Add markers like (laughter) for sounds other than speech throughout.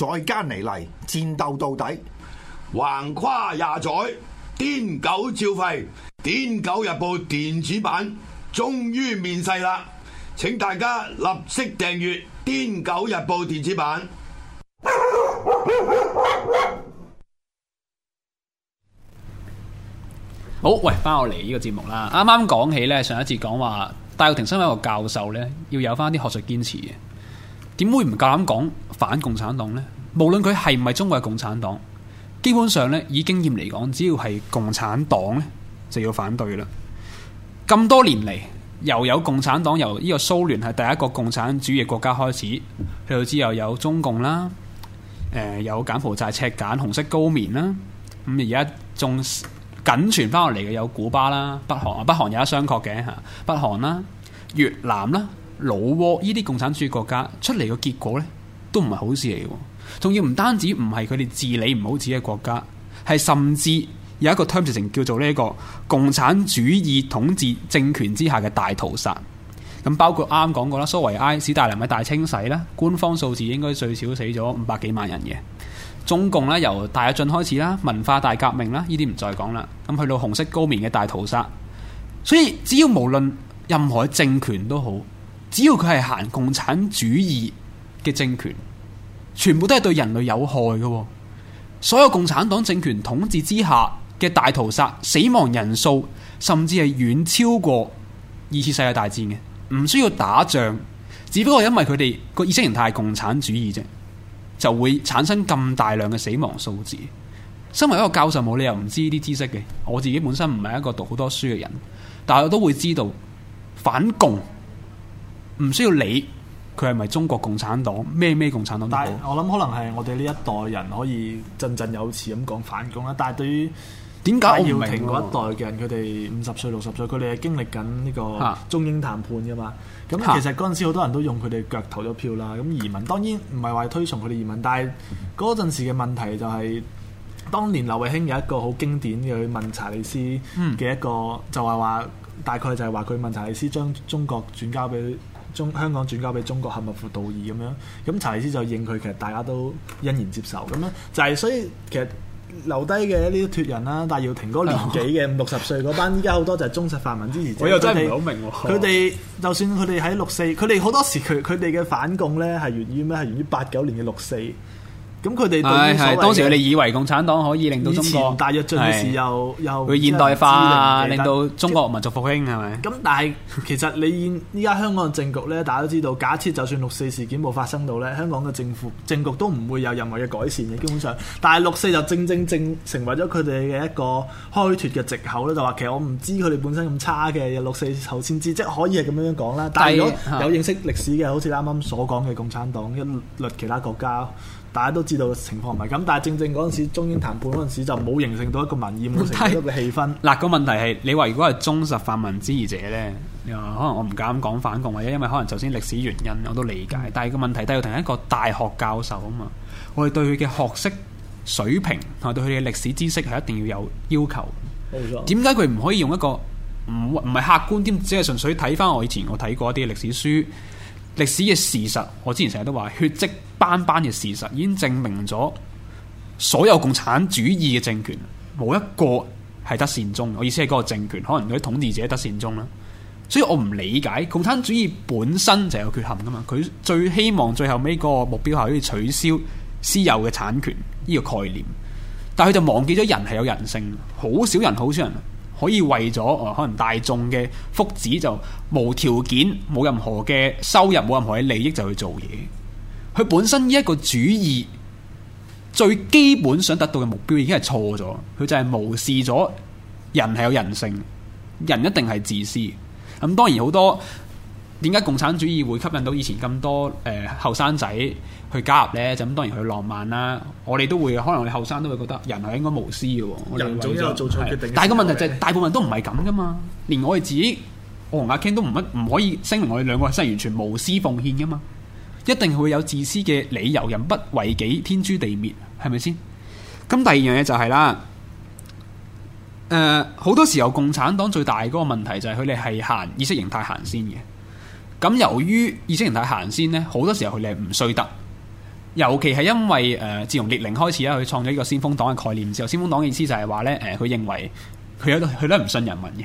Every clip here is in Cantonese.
再加尼嚟，戰鬥到底，橫跨廿載，癲狗照吠。癲狗日報電子版終於面世啦！請大家立即訂閱癲狗日報電子版。好，喂，翻我嚟呢個節目啦。啱啱講起呢，上一次講話戴耀廷身為一個教授呢，要有翻啲學術堅持嘅。點會唔夠膽講反共產黨呢？無論佢係唔係中國嘅共產黨，基本上呢，以經驗嚟講，只要係共產黨呢，就要反對啦。咁多年嚟，又有共產黨由呢個蘇聯係第一個共產主義國家開始，去到之後有中共啦，誒、呃、有柬埔寨赤柬、紅色高棉啦，咁而家仲緊存翻落嚟嘅有古巴啦、北韓啊，北韓有一雙角嘅吓，北韓啦、越南啦。老撾，呢啲共產主義國家出嚟嘅結果呢，都唔係好事嚟嘅，仲要唔單止唔係佢哋治理唔好自己嘅國家，係甚至有一個 terms 叫做呢一個共產主義統治政權之下嘅大屠殺。咁包括啱啱講過啦，蘇維埃史大林嘅大清洗啦，官方數字應該最少死咗五百幾萬人嘅。中共咧由大躍進開始啦，文化大革命啦，呢啲唔再講啦。咁去到紅色高棉嘅大屠殺，所以只要無論任何政權都好。只要佢係行共產主義嘅政權，全部都係對人類有害㗎喎。所有共產黨政權統治之下嘅大屠殺，死亡人數甚至係遠超過二次世界大戰嘅。唔需要打仗，只不過因為佢哋個意識形態係共產主義啫，就會產生咁大量嘅死亡數字。身為一個教授，冇理由唔知呢啲知識嘅。我自己本身唔係一個讀好多書嘅人，但係我都會知道反共。唔需要理，佢係咪中國共產黨？咩咩共產黨？但係我諗可能係我哋呢一代人可以振振有詞咁講反共啦。但係對於點解？我明喎。戴耀廷嗰一代嘅人，佢哋五十歲、六十歲，佢哋係經歷緊呢個中英談判噶嘛。咁、啊、其實嗰陣時好多人都用佢哋腳投咗票啦。咁移民當然唔係話推崇佢哋移民，但係嗰陣時嘅問題就係、是，當年劉慧卿有一個好經典嘅問查理斯嘅一個，嗯、就係話大概就係話佢問查理斯將中國轉交俾。中香港轉交俾中國係咪符道義咁樣？咁查理斯就認佢，其實大家都欣然接受咁樣、就是，就係所以其實留低嘅呢啲脱人啦、啊，但係戴耀廷嗰年紀嘅五六十歲嗰班，依家好多就係忠實泛民支持者。我又真係唔好明喎，佢哋們、嗯、就算佢哋喺六四，佢哋好多時佢佢哋嘅反共咧係源於咩？係源於八九年嘅六四。咁佢哋對當時佢哋以為共產黨可以令到中國，大躍進時又又會現代化，令到中國民族復興係咪？咁 (laughs) 但係其實你依家香港嘅政局呢，大家都知道，假設就算六四事件冇發生到呢，香港嘅政府政局都唔會有任何嘅改善嘅。基本上，但係六四就正正正成為咗佢哋嘅一個開脫嘅藉口咧，就話其實我唔知佢哋本身咁差嘅，有六四後先知，即係可以係咁樣講啦。但係如果有認識歷史嘅，好似啱啱所講嘅共產黨一律其他國家。大家都知道個情況唔係咁，但係正正嗰陣時中英談判嗰陣時就冇形成到一個民意，冇形成到一個成熟嘅氣氛。嗱，個問題係你話如果係忠實泛民支持者呢？可能我唔敢講反共，或者因為可能首先歷史原因我都理解。但係個問題都要問一個大學教授啊嘛，我哋對佢嘅學識水平同埋對佢嘅歷史知識係一定要有要求。冇錯。點解佢唔可以用一個唔唔係客觀添？只係純粹睇翻我以前我睇過一啲歷史書？歷史嘅事實，我之前成日都話血跡斑斑嘅事實，已經證明咗所有共產主義嘅政權冇一個係得善終。我意思係嗰個政權，可能佢啲統治者得善終啦。所以我唔理解，共產主義本身就有缺陷噶嘛？佢最希望最後尾個目標係可以取消私有嘅產權呢個概念，但係佢就忘記咗人係有人性，好少人，好少人。可以為咗可能大眾嘅福祉，就無條件、冇任何嘅收入、冇任何嘅利益就去做嘢。佢本身呢一個主義，最基本想達到嘅目標已經係錯咗。佢就係無視咗人係有人性，人一定係自私。咁、嗯、當然好多。點解共產主義會吸引到以前咁多誒後生仔去加入呢？就咁當然去浪漫啦。我哋都會，可能我哋後生都會覺得人係應該無私嘅。人總做錯決定。是但係個問題就係、是嗯、大部分都唔係咁噶嘛。連我哋自己，我同阿 Ken 都唔乜唔可以聲明我哋兩個真係完全無私奉獻噶嘛。一定會有自私嘅理由。人不為己，天誅地滅，係咪先？咁第二樣嘢就係、是、啦，誒、呃、好多時候共產黨最大嗰個問題就係佢哋係行意識形態行先嘅。咁由於意識形態行先咧，好多時候佢哋係唔衰得，尤其係因為誒、呃、自從列寧開始啦，佢創咗呢個先鋒黨嘅概念。之後先鋒黨嘅意思就係話咧，誒、呃、佢認為佢有佢都唔信人民嘅，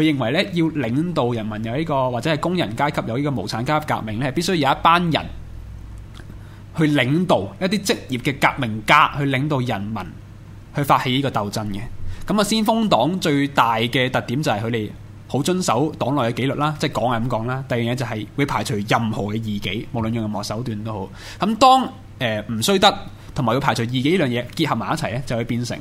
佢認為咧要領導人民有呢個或者係工人階級有呢個,個無產階級革命咧，必須有一班人去領導一啲職業嘅革命家去領導人民去發起呢個鬥爭嘅。咁啊，先鋒黨最大嘅特點就係佢哋。好遵守黨內嘅紀律啦，即係講係咁講啦。第二樣嘢就係會排除任何嘅異己，無論用任何手段都好。咁當誒唔衰得，同埋要排除異己呢樣嘢結合埋一齊咧，就會變成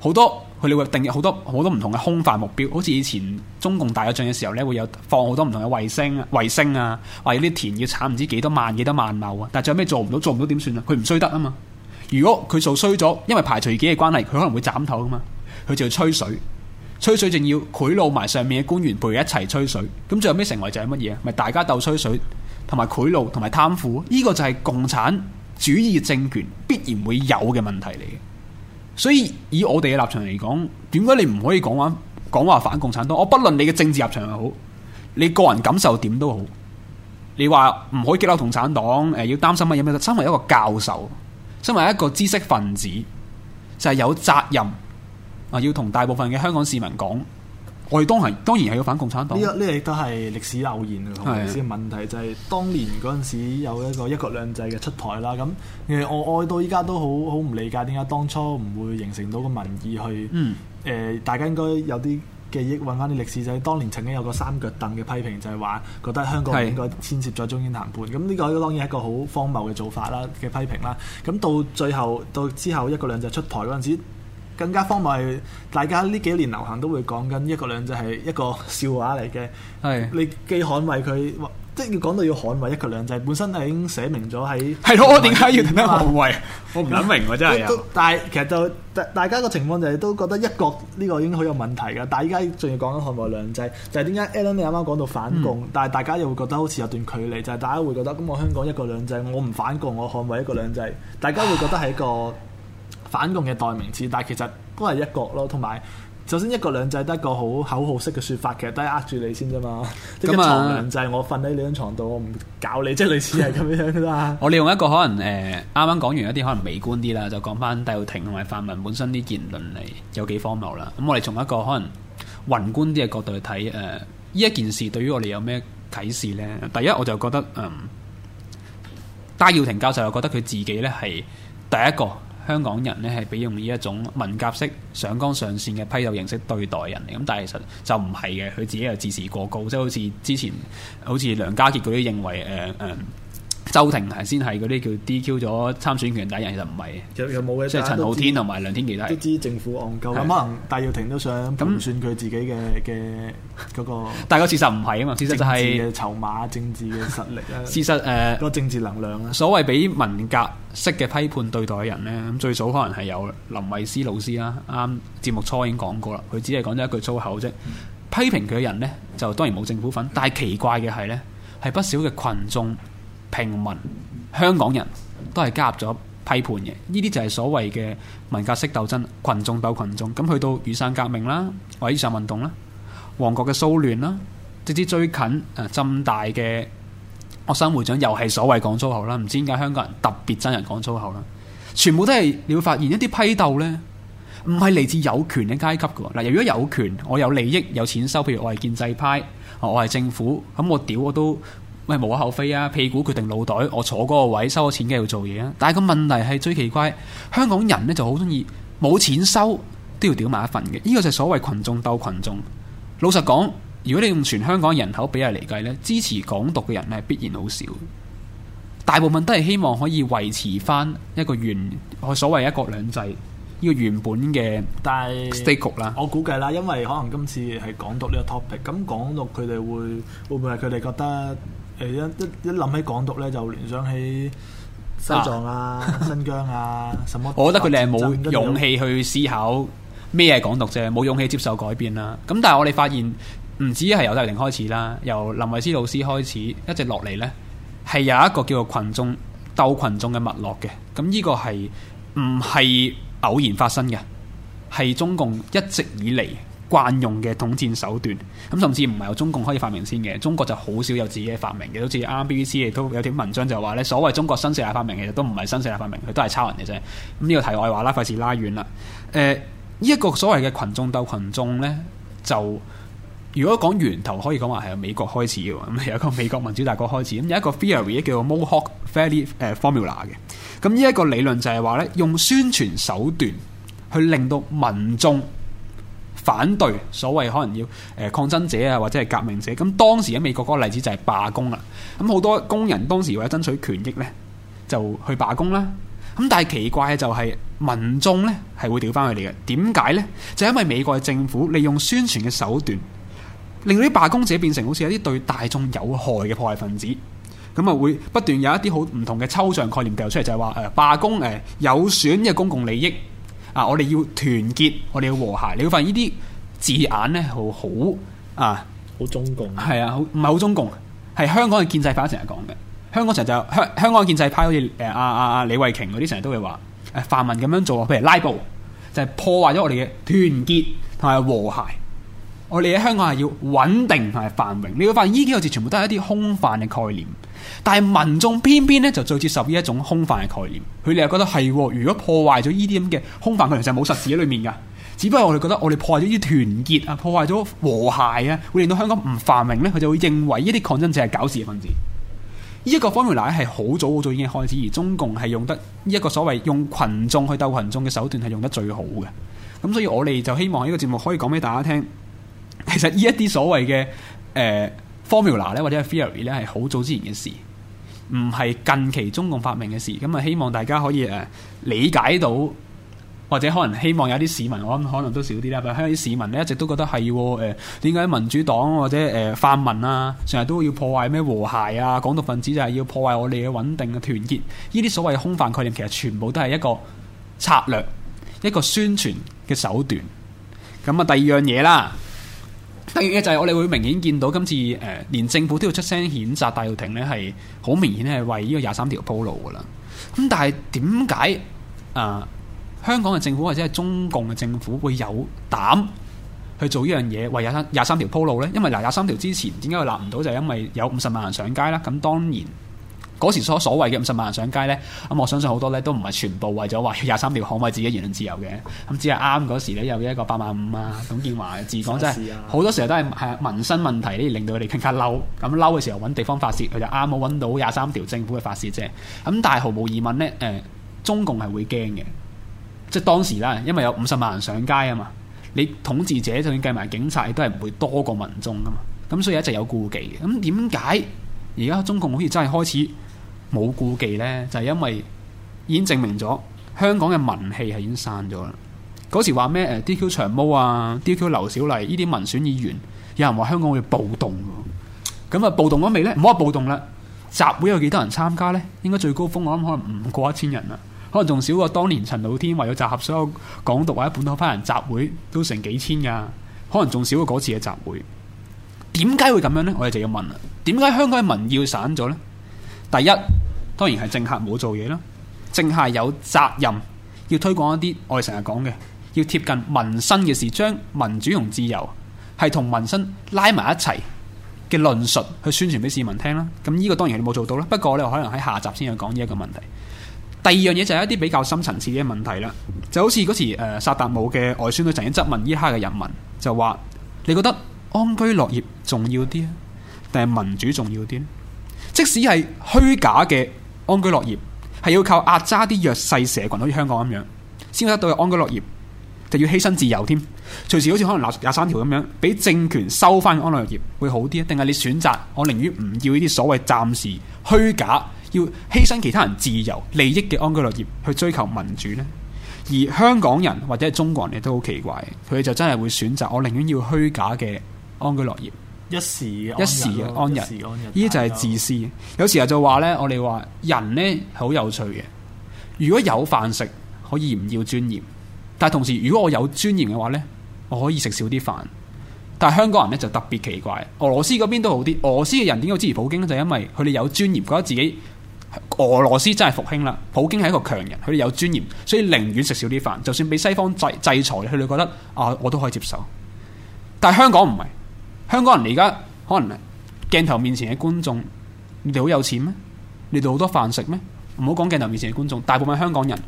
好多佢哋會定好多好多唔同嘅空泛目標。好似以前中共大躍進嘅時候咧，會有放好多唔同嘅衛星啊、衛星啊，或者啲田要產唔知幾多萬幾多萬畝啊。但係仲有咩做唔到？做唔到點算啊？佢唔衰得啊嘛。如果佢做衰咗，因為排除異己嘅關係，佢可能會斬頭啊嘛。佢就要吹水。吹水仲要賄賂埋上面嘅官員陪佢一齊吹水，咁最後咩成為就係乜嘢？咪大家鬥吹水，同埋賄賂，同埋貪腐，呢、這個就係共產主義政權必然會有嘅問題嚟嘅。所以以我哋嘅立場嚟講，點解你唔可以講話講話反共產黨？我不論你嘅政治立場又好，你個人感受點都好，你話唔可以激嬲共產黨，誒、呃、要擔心乜嘢乜嘢？身為一個教授，身為一個知識分子，就係、是、有責任。要同大部分嘅香港市民講，我哋當係當然係要反共產黨。呢、呢個亦都係歷史偶然啊！係，問題就係當年嗰陣時有一個一國兩制嘅出台啦。咁誒，我我到依家都好好唔理解點解當初唔會形成到個民意去？嗯、呃，大家應該有啲記憶，揾翻啲歷史就係、是、當年曾經有個三腳凳嘅批評，就係、是、話覺得香港唔應該牽涉咗中英談判。咁呢是個當然係一個好荒謬嘅做法啦，嘅批評啦。咁到最後到之後一國兩制出台嗰陣時，更加荒謬，大家呢幾年流行都會講緊一國兩制係一個笑話嚟嘅。係的你既捍衞佢，即係要講到要捍衞一國兩制，本身係已經寫明咗喺係咯。我點解要同佢捍衞？我唔諗明喎、啊，真係 (laughs) 但係其實就大大家個情況就係都覺得一國呢個已經好有問題㗎。但係依家仲要講到捍衞兩制，就係點解 Allen 你啱啱講到反共，嗯、但係大家又會覺得好似有段距離，就係、是、大家會覺得咁、嗯、我香港一國兩制，我唔反共，我捍衞一國兩制，大家會覺得係一個。 (laughs) 反共嘅代名詞，但係其實都係一國咯。同埋，首先一國兩制得一個好口號式嘅說法，其實都係呃住你先啫嘛。咁、啊、床兩制，我瞓喺你張床度，我唔搞你，即係類似係咁樣噶、啊、啦。 (laughs) 我利用一個可能誒，啱啱講完一啲可能微觀啲啦，就講翻戴耀廷同埋泛民本身啲言論嚟，有幾荒謬啦。咁我哋從一個可能宏觀啲嘅角度去睇，誒、呃，呢一件事對於我哋有咩啟示咧？第一，我就覺得嗯、呃，戴耀廷教授又覺得佢自己咧係第一個。香港人呢係俾用呢一種文革式上綱上線嘅批鬥形式對待人嚟，咁但係其實就唔係嘅，佢自己又自視過高，即係好似之前好似梁家傑佢都認為誒誒。呃呃周庭係先係嗰啲叫 DQ 咗參選權第一人，其實唔係嘅，即係陳浩天同埋梁天琦都係。都知政府戇鳩。咁的可能戴耀廷都想。咁唔算佢自己嘅嘅嗰個。 (laughs) 但係佢事實唔係啊嘛，事實就係、是、政治籌碼、政治嘅實力啦。事實誒個政治能量啦、呃。所謂俾文革式嘅批判對待嘅人咧，咁最早可能係有林慧思老師啦。啱節目初已經講過啦，佢只係講咗一句粗口啫。批評佢嘅人咧，就當然冇政府份。但係奇怪嘅係咧，係不少嘅群眾。平民、香港人都係加入咗批判嘅，呢啲就係所謂嘅文革式鬥爭、群眾鬥群眾。咁去到雨傘革命啦，或者以上運動啦，旺角嘅騷亂啦，直至最近啊，浸大嘅學生會長又係所謂講粗口啦。唔知點解香港人特別憎人講粗口啦？全部都係你會發現一啲批鬥呢，唔係嚟自有權嘅階級噶。嗱、呃，如果有權，我有利益、有錢收，譬如我係建制派，呃、我係政府，咁我屌我都。我都喂，無可厚非啊！屁股決定腦袋，我坐嗰個位收咗錢梗要做嘢啊！但係個問題係最奇怪，香港人呢就好中意冇錢收都要屌埋一份嘅。呢、呢個就係所謂群眾鬥群眾。老實講，如果你用全香港人口比例嚟計呢，支持港獨嘅人呢必然好少，大部分都係希望可以維持翻一個原所謂一國兩制呢個原本嘅 stage 啦。我估計啦，因為可能今次係港獨呢個 topic，咁港獨佢哋會會唔會係佢哋覺得？一一諗起港獨咧，就聯想起西藏啊、新疆啊，什麼？ (laughs) 我覺得佢哋係冇勇氣去思考咩係港獨啫，冇勇氣接受改變啦。咁但係我哋發現，唔止係由戴廷開始啦，由林慧思老師開始，一直落嚟呢，係有一個叫做群眾鬥群眾嘅脈絡嘅。咁呢個係唔係偶然發生嘅，係中共一直以嚟。慣用嘅統戰手段，咁甚至唔係由中共可以發明先嘅，中國就好少有自己嘅發明嘅，好似啱啱 BBC 亦都有條文章就話咧，所謂中國新四大發明其實都唔係新四大發明，佢都係抄人嘅啫。咁呢、嗯這個題外話啦，費事拉遠啦。呢、呃、一、這個所謂嘅群眾鬥群眾呢，就如果講源頭，可以講話係由美國開始嘅喎，咁、嗯、有一個美國民主大國開始，咁、嗯、有一個 theory 叫做 Mohawk Valley formula 嘅。咁呢一個理論就係話呢，用宣傳手段去令到民眾。反對所謂可能要誒、呃、抗爭者啊，或者係革命者，咁當時喺美國嗰個例子就係罷工啦。咁好多工人當時為咗爭取權益呢，就去罷工啦。咁但係奇怪嘅就係民眾呢係會掉返佢哋嘅，點解呢？就因為美國嘅政府利用宣傳嘅手段，令到啲罷工者變成好似一啲對大眾有害嘅破壞分子，咁啊會不斷有一啲好唔同嘅抽象概念掉出嚟，就係話誒罷工誒、呃、有損嘅公共利益。啊！我哋要團結，我哋要和諧。你會發現呢啲字眼咧，好好，啊，好啊，啊，好中共。係啊，唔係好中共，係香港嘅建制派成日講嘅。香港成日就香香港嘅建制派，好似誒阿阿阿李慧瓊嗰啲成日都會話誒、啊、泛民咁樣做，譬如拉布，就係、是、破壞咗我哋嘅團結同埋和諧。我哋喺香港係要穩定同埋繁榮。你會發現呢幾個字全部都係一啲空泛嘅概念。但係民眾偏偏咧就最接受呢一種空泛嘅概念，佢哋又覺得係，如果破壞咗呢啲咁嘅空泛概念就冇實質喺裏面噶，只不過我哋覺得我哋破壞咗啲團結啊，破壞咗和諧啊，會令到香港唔繁榮呢，佢就會認為呢啲抗爭者係搞事嘅分子。呢一個方面嚟係好早好早已經開始，而中共係用得呢一個所謂用群眾去鬥群眾嘅手段係用得最好嘅，咁所以我哋就希望喺呢個節目可以講俾大家聽，其實呢一啲所謂嘅誒。呃 formula 或者係 theory 咧係好早之前嘅事，唔係近期中共發明嘅事。咁啊，希望大家可以誒理解到，或者可能希望有啲市民，我諗可能都少啲啦。香港啲市民咧一直都覺得係誒，點解民主黨或者誒泛民啊，成日都要破壞咩和諧啊，港獨分子就係要破壞我哋嘅穩定嘅團結。呢啲所謂空泛概念其實全部都係一個策略，一個宣傳嘅手段。咁啊，第二樣嘢啦。第二就係我哋會明顯見到今次，誒、呃、連政府都要出聲譴責戴耀廷呢，係好明顯係為呢個廿三條鋪路噶啦。咁但係點解啊，香港嘅政府或者係中共嘅政府會有膽去做呢樣嘢，為廿三廿三條鋪路呢？因為嗱，廿三條之前點解佢立唔到就係、是、因為有五十萬人上街啦。咁當然。嗰時所所謂嘅五十萬人上街呢，咁我相信好多呢都唔係全部為咗話要廿三條可唔可以自己言論自由嘅，咁只係啱嗰時呢有一個八萬五啊，董建華自講 (laughs) 真係是好多時候都係係民生問題呢，令到佢哋更加嬲，咁嬲嘅時候揾地方發泄，佢就啱好揾到廿三條政府嘅發泄啫。咁但係毫無疑問呢，誒、嗯、中共係會驚嘅，即係當時啦，因為有五十萬人上街啊嘛，你統治者就算計埋警察都係唔會多過民眾噶嘛，咁所以一直有顧忌嘅。咁點解而家中共好似真係開始冇顧忌呢，就係因為已經證明咗香港嘅民氣係已經散咗啦。嗰時話咩誒 DQ 長毛啊，DQ 劉小麗呢啲民選議員，有人話香港會暴動嘅。咁啊暴動咗未呢？唔好話暴動啦，集會有幾多人參加呢？應該最高峰我諗可能唔過一千人啦，可能仲少過當年陳老天為咗集合所有港獨或者本土派人集會都成幾千噶，可能仲少過嗰次嘅集會。點解會咁樣呢？我哋就要問啦，點解香港嘅民意會散咗呢？第一，當然係政客冇做嘢啦。政客有責任要推廣一啲我哋成日講嘅，要貼近民生嘅事，將民主同自由係同民生拉埋一齊嘅論述去宣傳俾市民聽啦。咁呢個當然係你冇做到啦。不過你可能喺下集先去講呢一個問題。第二樣嘢就係一啲比較深層次嘅問題啦，就好似嗰時誒、呃、薩達姆嘅外孫女曾經質問伊拉克嘅人民，就話：你覺得安居樂業重要啲啊，定係民主重要啲即使係虛假嘅安居樂業，係要靠壓榨啲弱勢社群，好似香港咁樣，先可得到嘅安居樂業，就要犧牲自由添。隨時好似可能廿廿三條咁樣，俾政權收翻嘅安居樂業會好啲啊？定係你選擇，我寧願唔要呢啲所謂暫時虛假、要犧牲其他人自由利益嘅安居樂業，去追求民主呢？而香港人或者係中國人亦都好奇怪，佢就真係會選擇，我寧願要虛假嘅安居樂業。一時一時安逸，呢啲安逸就係自私。啊、有時候就話呢，我哋話人呢係好有趣嘅。如果有飯食，可以唔要尊嚴。但係同時，如果我有尊嚴嘅話呢，我可以食少啲飯。但係香港人呢，就特別奇怪。俄羅斯嗰邊都好啲。俄羅斯嘅人點解支持普京咧？就是，因為佢哋有尊嚴，覺得自己俄羅斯真係復興啦。普京係一個強人，佢哋有尊嚴，所以寧願食少啲飯。就算俾西方制制裁，佢哋覺得啊，我都可以接受。但係香港唔係。香港人，而家可能鏡頭面前嘅觀眾，你哋好有錢咩？你哋好多飯食咩？唔好講鏡頭面前嘅觀眾，大部分香港人，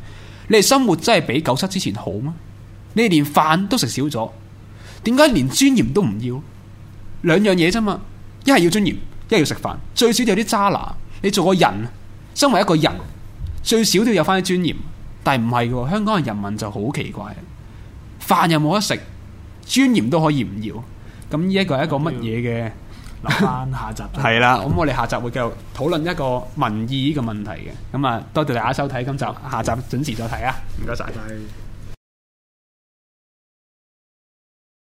你哋生活真係比九七之前好咩？你哋連飯都食少咗，點解連尊嚴都唔要？兩樣嘢啫嘛，一係要尊嚴，一係要食飯。最少都有啲渣男，你做個人，身為一個人，最少都要有翻啲尊嚴。但係唔係嘅，香港嘅人民就好奇怪，飯又冇得食，尊嚴都可以唔要。咁呢一個係一個乜嘢嘅留翻下集。係啦 (laughs) 的，咁我哋下集會繼續討論一個民意呢個問題嘅。咁啊，多謝大家收睇今集，下集準時再睇啊！唔該晒。拜拜。